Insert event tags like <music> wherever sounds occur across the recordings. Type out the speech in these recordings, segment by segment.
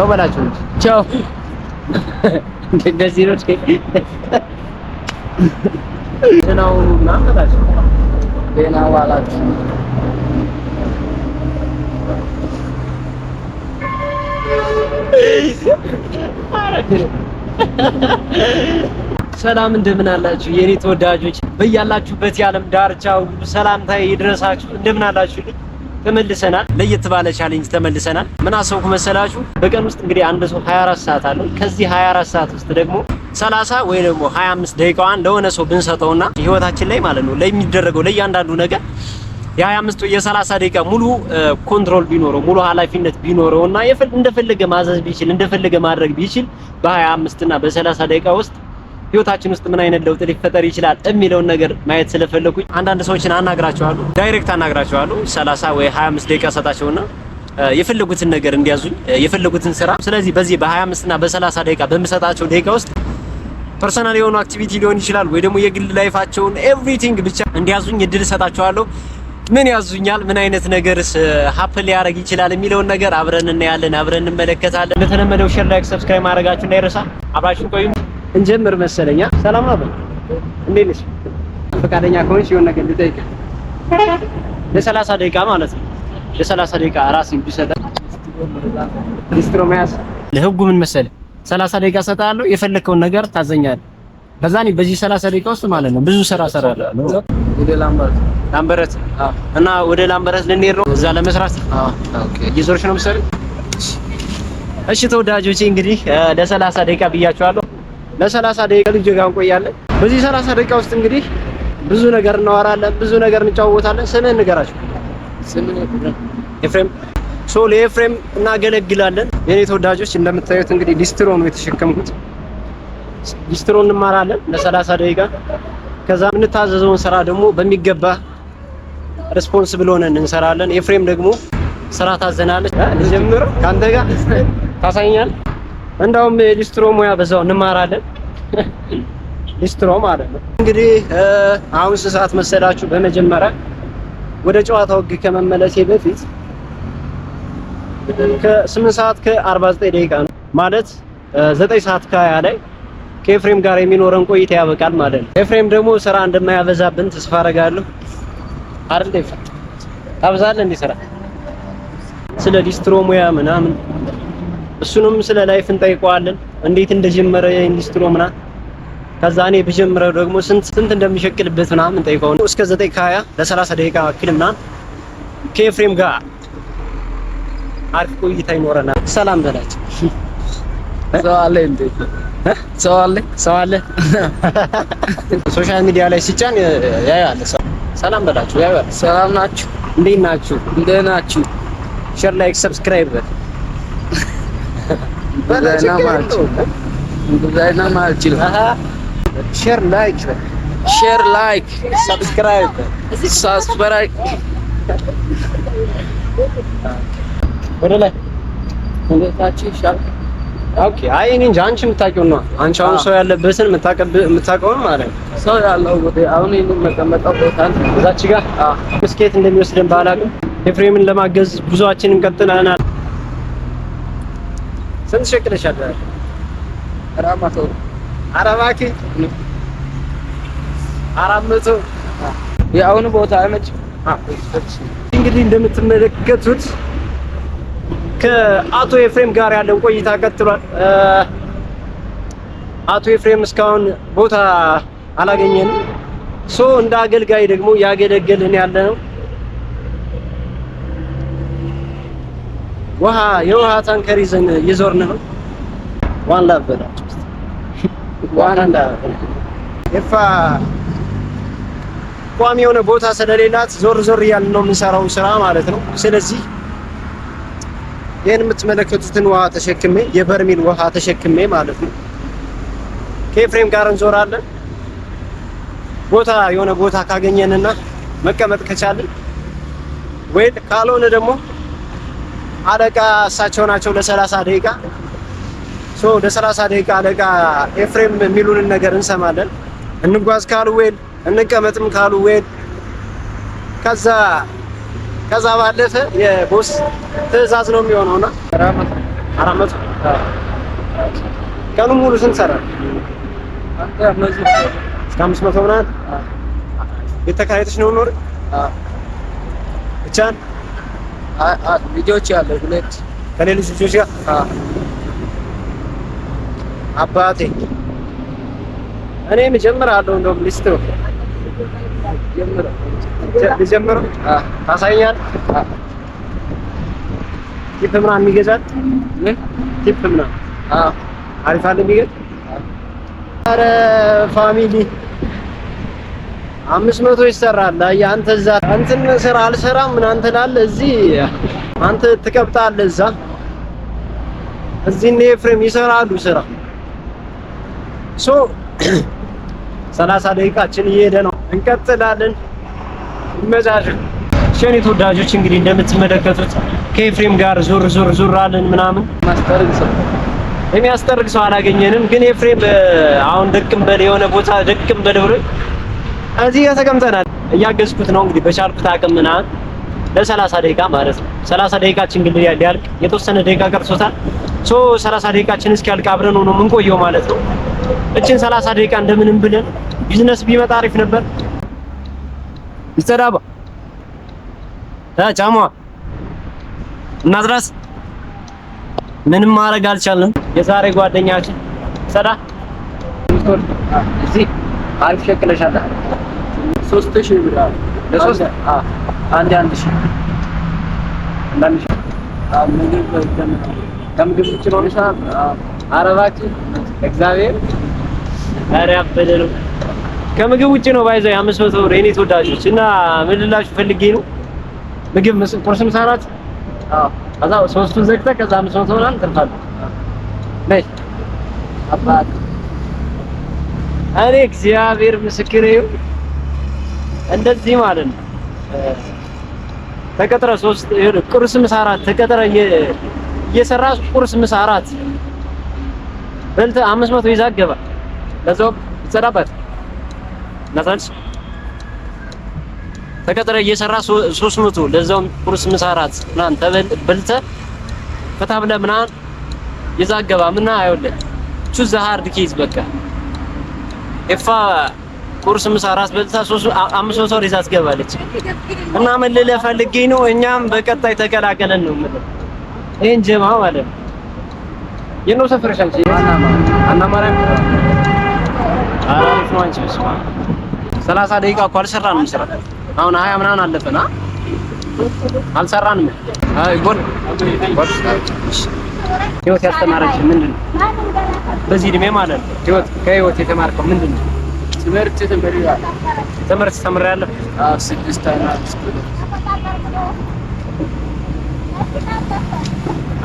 ቻው በላችሁ። ቻው እንደዚህ ነው ዋላችሁ። ሰላም እንደምን አላችሁ የኔ ተወዳጆች፣ በያላችሁበት የዓለም ዳርቻ ሁሉ ሰላምታዬ ይድረሳችሁ። እንደምን አላችሁ? ተመልሰናል። ለየት ባለ ቻሌንጅ ተመልሰናል። ምን አሰብኩ መሰላችሁ? በቀን ውስጥ እንግዲህ አንድ ሰው 24 ሰዓት አለው። ከዚህ 24 ሰዓት ውስጥ ደግሞ 30 ወይ ደግሞ 25 ደቂቃዋን ለሆነ ሰው ብንሰጠውና ህይወታችን ላይ ማለት ነው ለሚደረገው ለእያንዳንዱ ነገር የ25 የ30 ደቂቃ ሙሉ ኮንትሮል ቢኖረው ሙሉ ኃላፊነት ቢኖረው እና እንደፈለገ ማዘዝ ቢችል እንደፈለገ ማድረግ ቢችል በ25 እና በ30 ደቂቃ ውስጥ ህይወታችን ውስጥ ምን አይነት ለውጥ ሊፈጠር ይችላል የሚለውን ነገር ማየት ስለፈለኩኝ አንዳንድ ሰዎችን አናግራቸዋለሁ። ዳይሬክት አናግራቸዋለሁ። 30 ወይ 25 ደቂቃ ሰጣቸውና የፈለጉትን ነገር እንዲያዙኝ የፈለጉትን ስራ። ስለዚህ በዚህ በ25 እና በ30 ደቂቃ በምሰጣቸው ደቂቃ ውስጥ ፐርሰናል የሆኑ አክቲቪቲ ሊሆን ይችላል ወይ ደግሞ የግል ላይፋቸውን ኤቭሪቲንግ ብቻ እንዲያዙኝ እድል ሰጣቸዋለሁ። ምን ያዙኛል፣ ምን አይነት ነገርስ ሀፕን ሊያደርግ ይችላል የሚለውን ነገር አብረን እናያለን፣ አብረን እንመለከታለን። እንደተለመደው ሼር፣ ላይክ፣ ሰብስክራይብ ማድረጋችሁ እንዳይረሳ። አብራችሁን ቆዩ። እንጀምር መሰለኛ። ሰላም ነው በል። እንዴት ነሽ? ፈቃደኛ ከሆንሽ የሆነ ነገር ልጠይቅ። ለሰላሳ ደቂቃ ማለት ነው። ለሰላሳ ደቂቃ ራስን ቢሰጠ ሊስትሮ መያዝ ለህጉ ምን መሰለህ፣ ሰላሳ ደቂቃ ሰጣለሁ፣ የፈለከውን ነገር ታዘኛለህ። በዛኔ በዚህ ሰላሳ ደቂቃ ውስጥ ማለት ነው ብዙ ስራ እሰራለሁ። ወደ ላምበረት ላምበረት እና ወደ ላምበረት ልንሄድ ነው እዛ ለመስራት እየዞርሽ ነው መሰለኝ። እሺ ተወዳጆቼ እንግዲህ ለሰላሳ ደቂቃ ብያቸዋለሁ። ለ30 ደቂቃ ልጅ ጋር እንቆያለን። በዚህ 30 ደቂቃ ውስጥ እንግዲህ ብዙ ነገር እናወራለን፣ ብዙ ነገር እንጫወታለን። ስምህ ንገራቸው። ኤፍሬም ሶ ለኤፍሬም እናገለግላለን። የኔ ተወዳጆች እንደምታዩት እንግዲህ ዲስትሮ ነው የተሸከምኩት። ዲስትሮ እንማራለን ለ30 ደቂቃ። ከዛ የምንታዘዘውን ስራ ደግሞ በሚገባ ሬስፖንስብል ሆነን እንሰራለን። ኤፍሬም ደግሞ ስራ ታዘናለች። ልጀምር ከአንተ ጋር ታሳኛል። እንዳውም ሊስትሮ ሙያ በዛው እንማራለን። ሊስትሮ ማለት ነው። እንግዲህ አሁን ሰዓት መሰላችሁ። በመጀመሪያ ወደ ጨዋታው ህግ ከመመለሴ በፊት ከስምንት ሰዓት ከ49 ደቂቃ ነው ማለት ዘጠኝ ሰዓት ከሀያ ላይ ከኤፍሬም ጋር የሚኖረን ቆይታ ያበቃል ማለት ነው። ኤፍሬም ደግሞ ስራ እንደማያበዛብን ተስፋ አደርጋለሁ። አይደል ኤፍ ታብዛለህ እንዴ ስራ? ስለ ሊስትሮ ሙያ ምናምን እሱንም ስለ ላይፍ እንጠይቀዋለን። እንዴት እንደጀመረ ኢንዱስትሪ ምናምን ከዛ እኔ ብጀምረው ደግሞ ስንት ስንት እንደሚሸቅልበት ምናምን ጠይቀው ነው እስከ 9 ከ20 ለ30 ደቂቃ ያክል ምናምን ከኤፍሬም ጋር አሪፍ ቆይታ ይኖረናል። ሰላም በላቸው። ሰው አለ እንዴ? ሰው አለ፣ ሰው አለ። ሶሻል ሚዲያ ላይ ሲጫን ያያል ሰው። ሰላም በላችሁ። ያያል። ሰላም ናችሁ? እንዴት ናችሁ? እንዴት ናችሁ? ሼር፣ ላይክ፣ ሰብስክራይብ ዲዛይና ሼር ላይክ ሰብስክራይብ ሰብስክራይብ ወደ ላይ ኦኬ። አይ እኔ እንጂ አንቺ የምታውቂው ነው። አንቺ አሁን ሰው ያለበትን የምታውቀው ነው ማለት ነው። ሰው ያለው ወደ አሁን ይሄን መቀመጣው ቦታ እዛች ጋር አዎ፣ ስኬት እንደሚወስደን ባላቅም ኤፍሬምን ለማገዝ ብዙዎችን ቀጥለናል። ስንት ሸቅለሻል? አራት መቶ የአሁኑ ቦታ አይመጭም። እንግዲህ እንደምትመለከቱት ከአቶ ኤፍሬም ጋር ያለው ቆይታ ቀጥሏል። አቶ ኤፍሬም እስካሁን ቦታ አላገኘንም። ሶ እንደ አገልጋይ ደግሞ ያገለገልን ያለ ነው። ውሃ የውሃ ታንከር ይዘን እየዞርን ነው። ዋን ላብ ዋን ኢፋ ቋሚ የሆነ ቦታ ስለሌላት ዞር ዞር እያልን ነው የምንሰራው ስራ ማለት ነው። ስለዚህ ይህን የምትመለከቱትን ውሃ ተሸክሜ የበርሜል ውሃ ተሸክሜ ማለት ነው ከኤፍሬም ጋር እንዞራለን። ቦታ የሆነ ቦታ ካገኘንና መቀመጥ ከቻልን ወይ ካልሆነ ደግሞ አለቃ እሳቸው ናቸው ለሰላሳ ደቂቃ ሶ ለሰላሳ ደቂቃ አለቃ ኤፍሬም የሚሉንን ነገር እንሰማለን። እንጓዝ ካሉ ዌል እንቀመጥም ካሉ ዌል ከዛ ከዛ ባለፈ የቦስ ትዕዛዝ ነው የሚሆነውና አራት መቶ ቀኑን ሙሉ ስንሰራ እስከ አምስት መቶ ምናምን ነው ኖር ብቻን ልጆች ያለ ሁለት ከሌሎች ልጆች ጋር አባቴ እኔ እጀምራለሁ። እንደውም ሊስት ነው ልጀምረው። ታሳይኛለህ? ቲፕ ምናምን የሚገዛት ቲፕ ምናምን አሪፍ አለ የሚገዛት። ኧረ ፋሚሊ አምስት መቶ ይሰራል። አይ አንተ እዛ እንትን ስራ አልሰራም አንተ ትላለህ፣ እዚህ አንተ ትቀብጣለህ። እዛ እዚህ እነ ኤፍሬም ይሰራሉ ስራ። ሶ ሰላሳ ደቂቃችን እየሄደ ነው። እንቀጥላለን። ይመዛሽ ሸኔ ተወዳጆች እንግዲህ እንደምትመለከቱት ከኤፍሬም ጋር ዙር ዙር ዙር አለን ምናምን ማስተርግ ሰው የሚያስጠርቅ ሰው አላገኘንም። ግን ኤፍሬም አሁን ድቅም በል የሆነ ቦታ ድቅም በል ብሎ እዚህ ጋር ተቀምጠናል። እያገዝኩት ነው እንግዲህ በቻልኩት አቅም ምናምን ለሰላሳ ደቂቃ ማለት ነው። ሰላሳ ደቂቃችን ግን ሊያልቅ የተወሰነ ደቂቃ ቀርሶታል። ሶ ሰላሳ ደቂቃችን እስኪያልቅ አብረን ነው የምንቆየው ማለት ነው። እችን ሰላሳ ደቂቃ እንደምንም ብለን ቢዝነስ ቢመጣ አሪፍ ነበር። ይስተዳባ እ ጫማዋ ምንም ማድረግ አልቻለም የዛሬ ጓደኛችን ሰዳ አሪፍ ሸክለሻለህ ሶስት ሺህ ብር አንድ አንድ ሺህ አንዳንድ ሺህ ከምግብ ውጭ ነው ምሳ አረባችን እግዚአብሔር ኧረ ያበደ ነው። ከምግብ ውጭ ነው ባይዘው አምስት መቶ ብር የኔ ተወዳጆች እና ምን ልላችሁ ፈልጌ ነው ምግብ ቁርስ፣ ምሳ፣ እራት ከዛ ሶስቱን ዘግተህ ከዛ አምስት መቶ ብር ትርፋለህ። እኔ እግዚአብሔር ምስክሬ እንደዚህ ማለት ነው። ተቀጥረ ሶስት ቁርስ ምሳ አራት ተቀጥረ እየሰራ ቁርስ ምሳ አራት በልተህ አምስት መቶ ይዛ ገባ ለዛው ይጸዳበት ናታንስ ተቀጥረ እየሰራ 300 ለዛውም ቁርስ ምሳ አራት ምናምን ፈታ ብለ ምናምን ይዛ ገባ አይወለ ቹ ዘ ሃርድ ኬዝ በቃ ኢፋ ቁርስ፣ ምሳ፣ ራት በልታ አምስት መቶ ብር አስገባለች እና መልለ ልልህ ፈልጌ ነው እኛም በቀጣይ ተቀላቀለን ነው የምልህ። ይሄን ጀማ ማለት ነው። የት ነው ሰፈርሽ አንቺ? ሰላሳ ደቂቃ እኮ አልሰራንም ስራ። አሁን ሀያ ምናምን አለፈን አልሰራንም። አይ ጎል ህይወት ያስተማረች ምንድን ነው? በዚህ እድሜ ማለት ነው ህይወት ከህይወት የተማርከው ምንድን ነው? ትምህርት ተምሬያለሁ። ትምህርት ተምሬያለሁ። አዎ ስድስት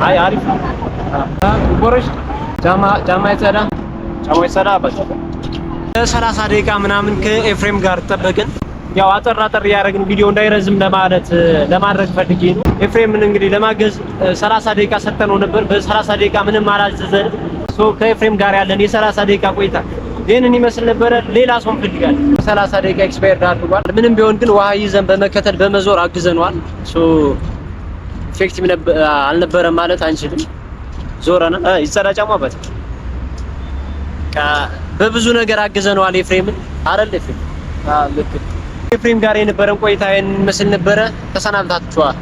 አይ አሪፍ ነው። ቦረሽ ጃማ ጃማ ይሰዳ ጃማ ይሰዳ አባጭ ሰላሳ ደቂቃ ምናምን ከኤፍሬም ጋር ጠበቅን። ያው አጠር አጠር ያደረግን ቪዲዮ እንዳይረዝም ለማለት ለማድረግ ፈልጌ ነው። ኤፍሬምን እንግዲህ ለማገዝ 30 ደቂቃ ሰጠነው ነበር። በ30 ደቂቃ ምንም አላዘዘንም። ሶ ከኤፍሬም ጋር ያለን የ30 ደቂቃ ቆይታ ይህንን ይመስል ነበረ። ሌላ ሰው እንፈልጋለን። ሰላሳ ደቂቃ ኤክስፓየርድ አድርጓል። ምንም ቢሆን ግን ውሃ ይዘን በመከተል በመዞር አግዘነዋል። ኢፌክቲቭ አልነበረም ማለት አንችልም። ዞረና ይጸዳ በት በብዙ ነገር አግዘነዋል። ኤፍሬምን አረል ኤፍሬም ጋር የነበረን ቆይታ ይህን ይመስል ነበረ። ተሰናብታችኋል።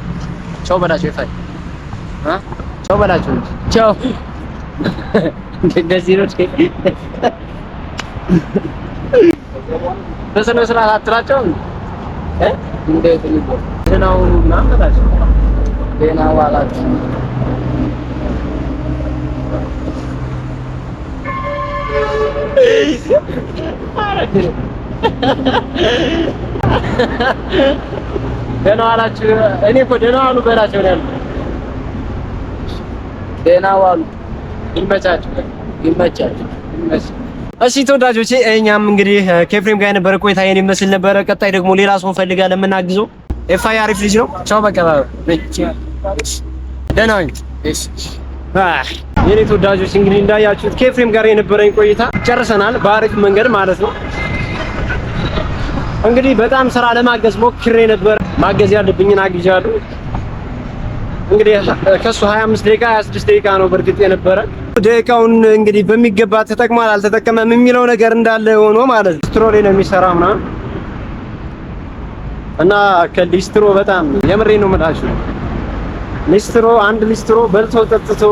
ቻው በላቸው ይፋይ ቻው በላቸው ቻው <laughs> እንደዚህ ነው። በስነ ስርዓት አትላቸው እንዴት ነው እናንተላችሁ ዋላችሁ ደህና ዋላችሁ። እኔ እኮ ደህና ዋሉ በላቸው ያሉ ደህና ዋሉ። ይመቻችሁ፣ ይመቻችሁ፣ ይመቻችሁ። እሺ ተወዳጆች እኛም እንግዲህ ከኤፍሬም ጋር የነበረ ቆይታ ይሄን ይመስል ነበረ። ቀጣይ ደግሞ ሌላ ሰው ፈልጋ ለምናግዘው ኤፋይ አሪፍ ልጅ ነው። ቻው በቃ ደህና የኔ ተወዳጆች እንግዲህ እንዳያችሁት ከኤፍሬም ጋር የነበረኝ ቆይታ ጨርሰናል፣ በአሪፍ መንገድ ማለት ነው። እንግዲህ በጣም ስራ ለማገዝ ሞክሬ ነበር፣ ማገዝ ያለብኝን አግዣለሁ። እንግዲህ ከሱ 25 ደቂቃ 26 ደቂቃ ነው በእርግጥ የነበረ ደቂቃውን እንግዲህ በሚገባ ተጠቅሟል አልተጠቀመም የሚለው ነገር እንዳለ ሆኖ ማለት ስትሮ ላይ ነው የሚሰራው ምናምን እና ከሊስትሮ በጣም የምሬ ነው የምላችሁ። ሊስትሮ አንድ ሊስትሮ በልቶ ጠጥቶ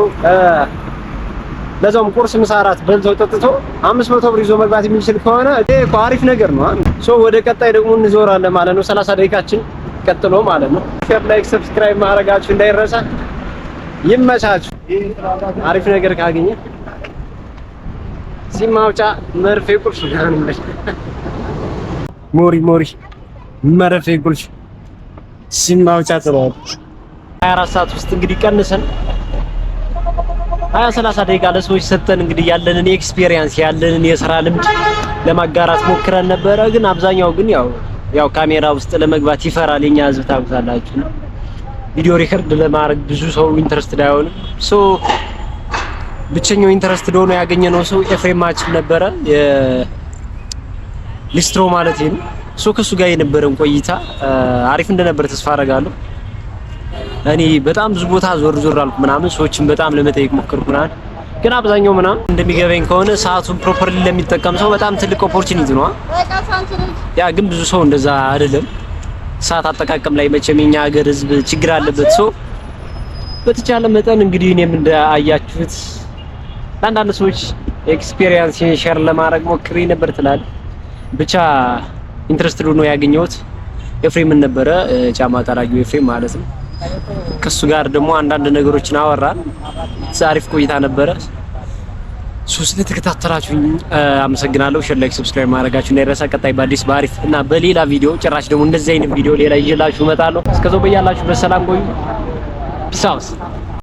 ለዛውም ቁርስ፣ ምሳ፣ እራት በልቶ ጠጥቶ 500 ብር ይዞ መግባት የሚችል ከሆነ እኮ አሪፍ ነገር ነው። ሶ ወደ ቀጣይ ደግሞ እንዞራለን ማለት ነው። 30 ደቂቃችን ቀጥሎ ማለት ነው። ሼር፣ ላይክ፣ ሰብስክራይብ ማድረጋችሁ እንዳይረሳ። ይመቻቹ። አሪፍ ነገር ካገኘ እዚህ ማውጫ መርፌ ቁልፍ ምናምን ሞሪ ሞሪ መርፌ ቁልፍ እዚህ ማውጫ ጥለዋል። 24 ሰዓት ውስጥ እንግዲህ ቀንሰን ሀያ 30 ደቂቃ ለሰዎች ሰጠን። እንግዲህ ያለንን ኤክስፒሪየንስ ያለንን የስራ ልምድ ለማጋራት ሞክረን ነበረ። ግን አብዛኛው ግን ያው ያው ካሜራ ውስጥ ለመግባት ይፈራል። የኛ ህዝብ ታውቃላችሁ። ቪዲዮ ሪከርድ ለማድረግ ብዙ ሰው ኢንተረስትድ አይሆንም። ሶ ብቸኛው ኢንተረስትድ ሆኖ ያገኘነው ሰው ኤፍሬማችን ነበረ ሊስትሮ ማለት ነው። ሶ ከሱ ጋር የነበረን ቆይታ አሪፍ እንደነበረ ተስፋ አደርጋለሁ። እኔ በጣም ብዙ ቦታ ዞር ዞር አልኩ ምናምን ሰዎችን በጣም ለመጠየቅ ሞከርኩ ምናምን፣ ግን አብዛኛው ምናምን እንደሚገበኝ ከሆነ ሰዓቱን ፕሮፐርሊ ለሚጠቀም ሰው በጣም ትልቅ ኦፖርቹኒቲ ነው። ያ ግን ብዙ ሰው እንደዛ አይደለም። ሰዓት አጠቃቀም ላይ መቼም የኛ ሀገር ህዝብ ችግር አለበት። ሰው በተቻለ መጠን እንግዲህ እኔም እንዳያችሁት ለአንዳንድ ሰዎች ኤክስፒሪየንስ ሼር ለማድረግ ሞክሬ ነበር ትላል ብቻ ኢንትረስትድ ሆኖ ያገኘሁት ኤፍሬምን ነበረ፣ ጫማ ጠራጊው ኤፍሬም ማለት ነው። ከሱ ጋር ደግሞ አንዳንድ ነገሮችን አወራን። አሪፍ ቆይታ ነበረ። ሶስት ስለተከታተላችሁኝ አመሰግናለሁ። ሼር፣ ላይክ፣ ሰብስክራይብ ማድረጋችሁ እንዳይረሳ። ቀጣይ በአዲስ በአሪፍ እና በሌላ ቪዲዮ ጭራሽ ደግሞ እንደዚህ አይነት ቪዲዮ ሌላ ይዤላችሁ እመጣለሁ። እስከዛው በያላችሁ በሰላም ቆዩ። ፒስ አውት